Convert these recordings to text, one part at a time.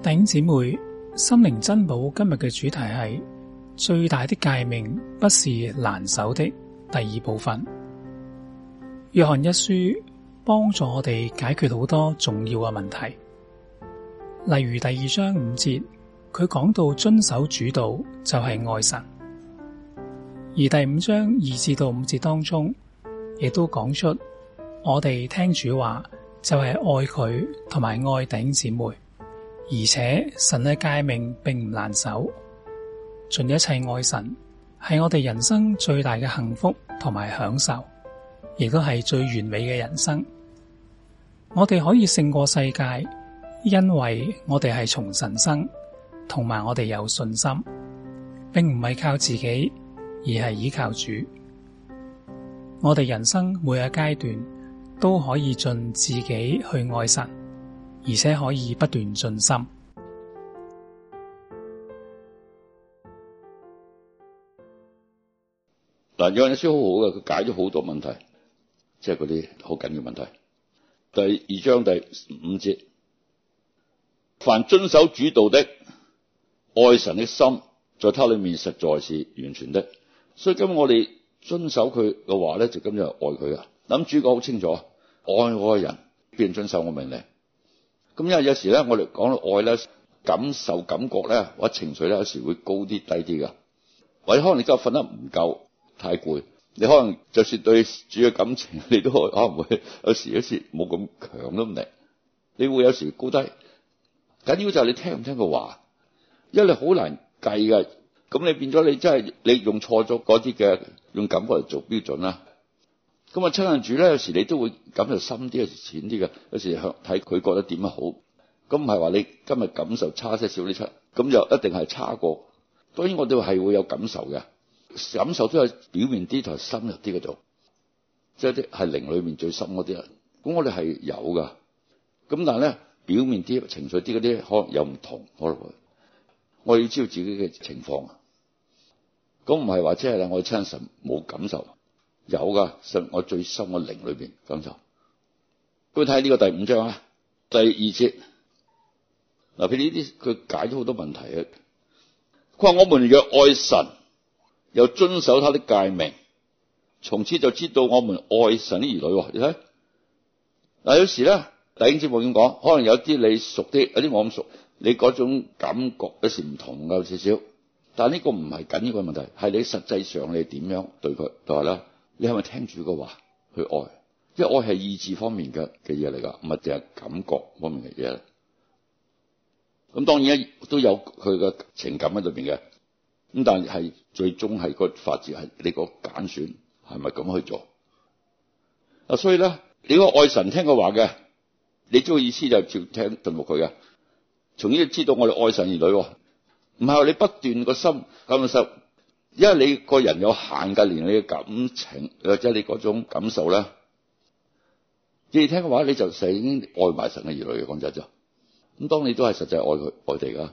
弟兄姐妹，心靈珍寶，今日嘅主題係最大的誡命不是難守的第二部分。約翰一書幫助我哋解決好多重要嘅問題，例如第二章五節，佢講到遵守主道就係愛神；而第五章二至到五節當中，亦都講出我哋聽主話就係愛佢，同埋愛弟兄姐妹。而且神嘅誡命並唔難守，盡一切愛神係我哋人生最大嘅幸福同埋享受，亦都係最完美嘅人生。我哋可以勝過世界，因為我哋係從神生，同埋我哋有信心，並唔係靠自己，而係依靠主。我哋人生每一個階段都可以盡自己去愛神。而且可以不斷信心。嗱，約翰嘅書好好嘅，佢解咗好多問題，即係嗰啲好緊要問題。第二章第五節，凡遵守主道的愛神的心，在他裡面實在是完全的。所以今日我哋遵守佢嘅話咧，就今日愛佢啊。咁主講好清楚，愛我嘅人便遵守我命令。.咁因為有時咧，我哋講到愛咧，感受、感覺咧，或者情緒咧，有時會高啲、低啲噶。或者可能你今日瞓得唔夠，太攰，你可能就算對主嘅感情，你都可能會有時有時冇咁強都唔定。你會有時高低，緊要就係你聽唔聽佢話，因為你好難計噶。咁你變咗你真係你用錯咗嗰啲嘅用感覺嚟做標準啦。咁啊，親人主咧，有時你都會感受深啲，有時淺啲嘅。有時向睇佢覺得點樣好，咁唔係話你今日感受差些少啲出，咁就一定係差過。當然我哋係會有感受嘅，感受都係表面啲同深入啲嘅度，即係啲係靈裏面最深嗰啲啊。咁我哋係有噶，咁但係咧表面啲情緒啲嗰啲可能有唔同，我會，我要知道自己嘅情況啊。咁唔係話即係咧，我哋親人冇感受。有噶，係我最深嘅靈裏邊咁就。咁睇呢個第五章啊，第二節，嗱，譬如呢啲佢解咗好多問題啊，佢話，我們若愛神，又遵守他的誡命，從此就知道我們愛神的兒女。你睇，嗱，有時咧，弟兄姐妹咁講，可能有啲你熟啲，有啲我唔熟，你嗰種感覺有時唔同噶少少，但係呢個唔係緊要嘅問題，係你實際上你點樣對佢，就係、是、啦。你係咪聽住個話去愛？因為愛係意志方面嘅嘅嘢嚟噶，唔係淨係感覺方面嘅嘢。咁當然咧都有佢嘅情感喺裏邊嘅。咁但係最終係個發展係你個揀選係咪咁去做？啊，所以咧，你個愛神聽佢話嘅，你呢個意思就照聽順服佢嘅。從呢度知道我哋愛神兒女，唔係你不斷個心感受。因為你個人有限噶，連你嘅感情或者、就是、你嗰種感受咧，你聽嘅話你就死已經愛埋神嘅兒女嘅，講真啫。咁當你都係實際愛佢外地噶，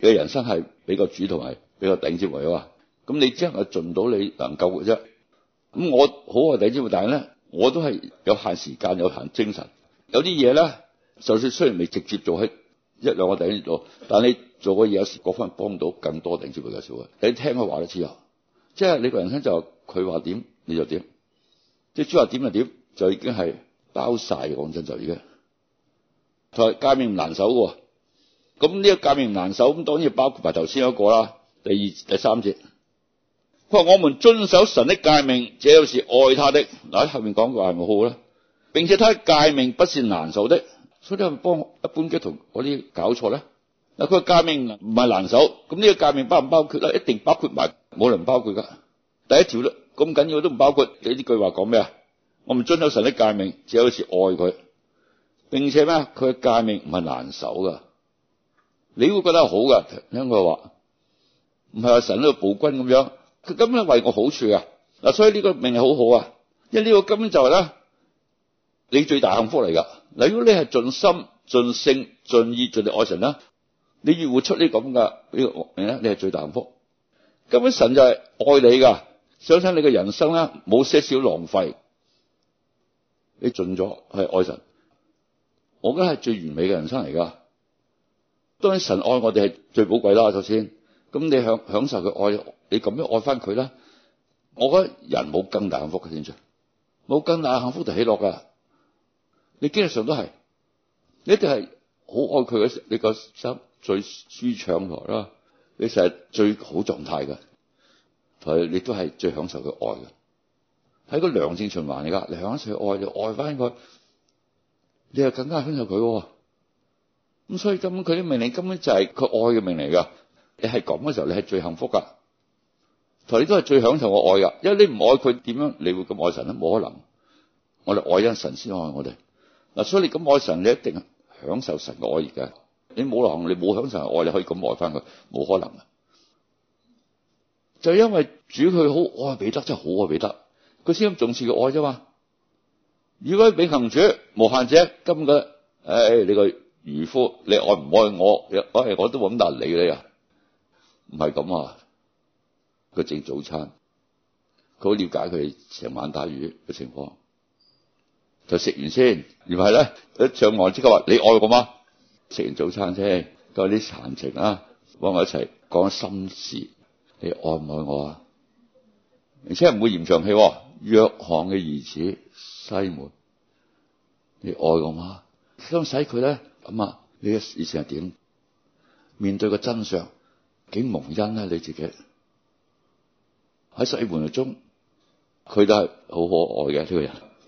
你嘅人生係比較主動，係比較頂尖位啊。咁你只能夠盡到你能夠嘅啫。咁我好係頂尖位，但係咧我都係有限時間，有限精神，有啲嘢咧就算雖然未直接做開。一兩個頂住做，但你做個嘢有時嗰份幫到更多頂住會介紹嘅。你聽佢話都知啊，即係你個人生就佢話點你就點，即係主話點就點，就已經係包曬嘅。講真就已經，佢話誡命唔難守喎。咁呢個誡命唔難守，咁當然包括埋頭先一個啦，第二第三節。佢話我們遵守神的誡命，這又是愛他的。嗱，後面講句話係咪好啦，並且他誡命不是難守的。佢都係幫一般嘅同我啲搞錯咧。嗱，佢誡命唔係難守，咁呢個誡命包唔包括呢？一定包括埋，冇人包括噶。第一條都咁緊要都唔包括，你呢句話講咩啊？我唔遵守神的誡命，只有好似愛佢，並且咩？佢誡命唔係難守噶，你會覺得好噶。聽佢話唔係話神呢個暴君咁樣，佢根本為我好處啊。嗱，所以呢個命好好啊，因為呢個根本就係咧。你最大幸福嚟噶。嗱，如果你係盡心、盡性、盡意、盡力愛神啦，你要活出呢咁嘅，呢個命咧，你係最大幸福。根本神就係愛你噶，想想你嘅人生咧冇些少浪費。你盡咗係愛神，我覺得係最完美嘅人生嚟噶。當然神愛我哋係最寶貴啦。首先咁，你享享受佢愛你咁樣愛翻佢啦。我覺得人冇更大幸福嘅天主冇更大幸福就喜樂噶。你經歷上都係，你一定係好愛佢嘅，你個心最舒暢啦。你成日最好狀態嘅，同你都係最享受佢愛嘅。係個良性循環嚟噶，你享受愛就愛返佢，你又更加享受佢。咁所以根本佢啲命令，你根本就係佢愛嘅命嚟噶。你係咁嘅時候，你係最幸福噶，同你都係最享受我嘅愛噶。因為你唔愛佢，點樣你會咁愛神咧？冇可能。我哋愛因神先愛我哋。嗱、啊，所以你咁愛神，你一定享受神嘅愛意嘅。你冇行，你冇享受神愛，你可以咁愛翻佢，冇可能。就因為主佢好愛彼得，真係好愛彼得，佢先咁重視佢愛啫嘛。如果俾行主無限者今日，誒、哎、你個漁夫，你愛唔愛我？我我都冇咁難你啊。唔係咁啊，佢整早餐，佢好了解佢成晚打魚嘅情況。就食完先，而係咧，一上岸即刻話：你愛我嗎？食完早餐先，都有啲閒情啊，幫我一齊講心事。你愛唔愛我啊？而且唔會嫌長氣。約翰嘅兒子西門，你愛我嗎？想使佢咧咁啊？呢個事情係點？面對個真相，幾蒙恩啊！你自己喺西門中，佢都係好可愛嘅呢、呢個人。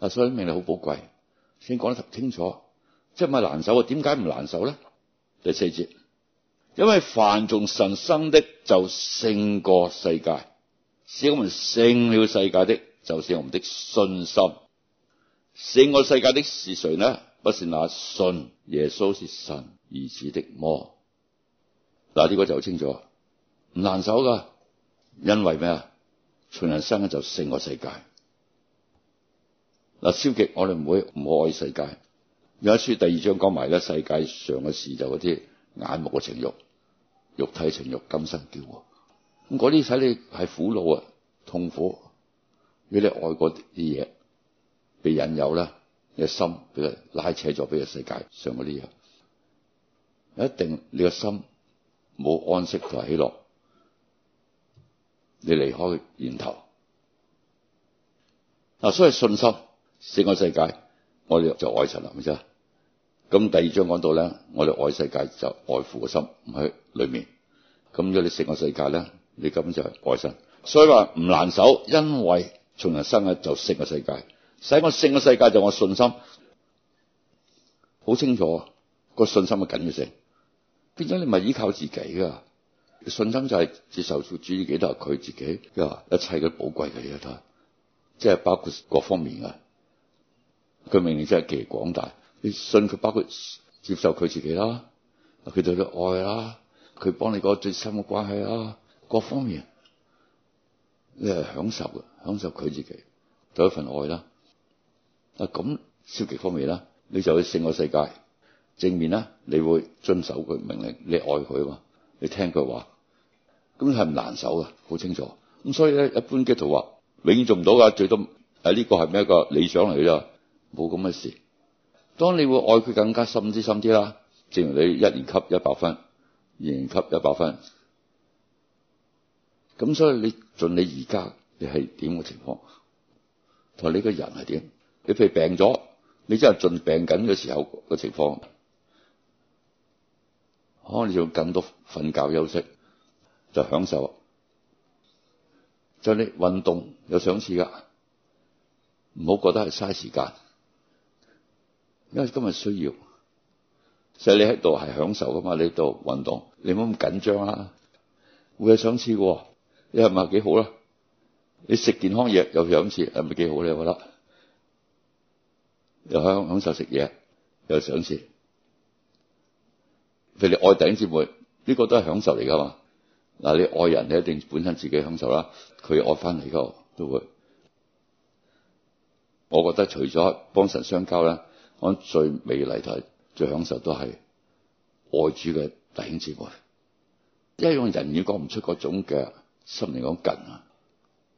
啊，所以命理好寶貴，先講得清楚，即係唔係難守啊？點解唔難守咧？第四節，因為凡從神生的就勝過世界，使我們勝了世界的，就是我們的信心。勝過世界的是誰呢？不是那信耶穌是神兒子的麼。嗱，呢個就好清楚，唔難守噶，因為咩啊？凡從神生嘅就勝過世界。嗱，消極，我哋唔會唔愛世界。有一書第二章講埋咧，世界上嘅事就嗰啲眼目嘅情欲、肉體情欲、今生叫，嗰啲使你係苦惱啊、痛苦。如果你愛嗰啲嘢，被引誘咧，你心俾佢拉扯咗，俾個世界上嗰啲嘢，一定你個心冇安息同喜樂，你離開源頭。嗱，所以信心，勝過世界，我哋就愛神啦，咪先？咁第二章講到呢，我哋愛世界就愛父個心唔喺裏面。咁如果你勝過世界呢，你根本就係愛神。所以話唔難守，因為從神生嘅就勝過世界，使我勝過世界就我信心好清楚、嗰個信心嘅緊要性。變咗你咪依靠自己噶？信心就係接受主主基督佢自己，一切嘅寶貴嘅嘢都，即係包括各方面啊。佢命令真係極廣大，你信佢，包括接受佢自己啦。佢對你愛啦，佢幫你嗰個最深嘅關係啦，各方面你係享受嘅，享受佢自己就一份愛啦。啊，咁消極方面啦，你就去勝過世界正面啦。你會遵守佢命令，你愛佢嘛，你聽佢話咁係唔難守嘅，好清楚咁。所以咧，一般基督徒話永遠做唔到噶，最多啊呢、這個係咩一個理想嚟啦。冇咁嘅事。當你會愛佢更加深啲、深啲啦。正如你一年級一百分，二年級一百分。咁所以你盡你而家，你係點嘅情況？同你個人係點？你譬如病咗，你真係盡病緊嘅時候嘅情況，可能你要更多瞓覺休息，就享受。就你運動有賞賜㗎，唔好覺得係嘥時間。因為今日需要，所以你喺度係享受噶嘛？你度運動，你唔好咁緊張啦。會有賞賜嘅，你係咪幾好啦？你食健康嘢，有賞賜，係咪幾好咧？我覺得又享享受食嘢,有賞賜，譬如你愛頂姊妹，呢個都係享受嚟噶嘛？嗱，你愛人你一定本身自己享受啦，佢愛翻嚟嘅都會。我覺得除咗幫神相交咧。我最美麗同最享受都係愛主嘅弟兄姊妹，一樣人語講唔出嗰種嘅心理講近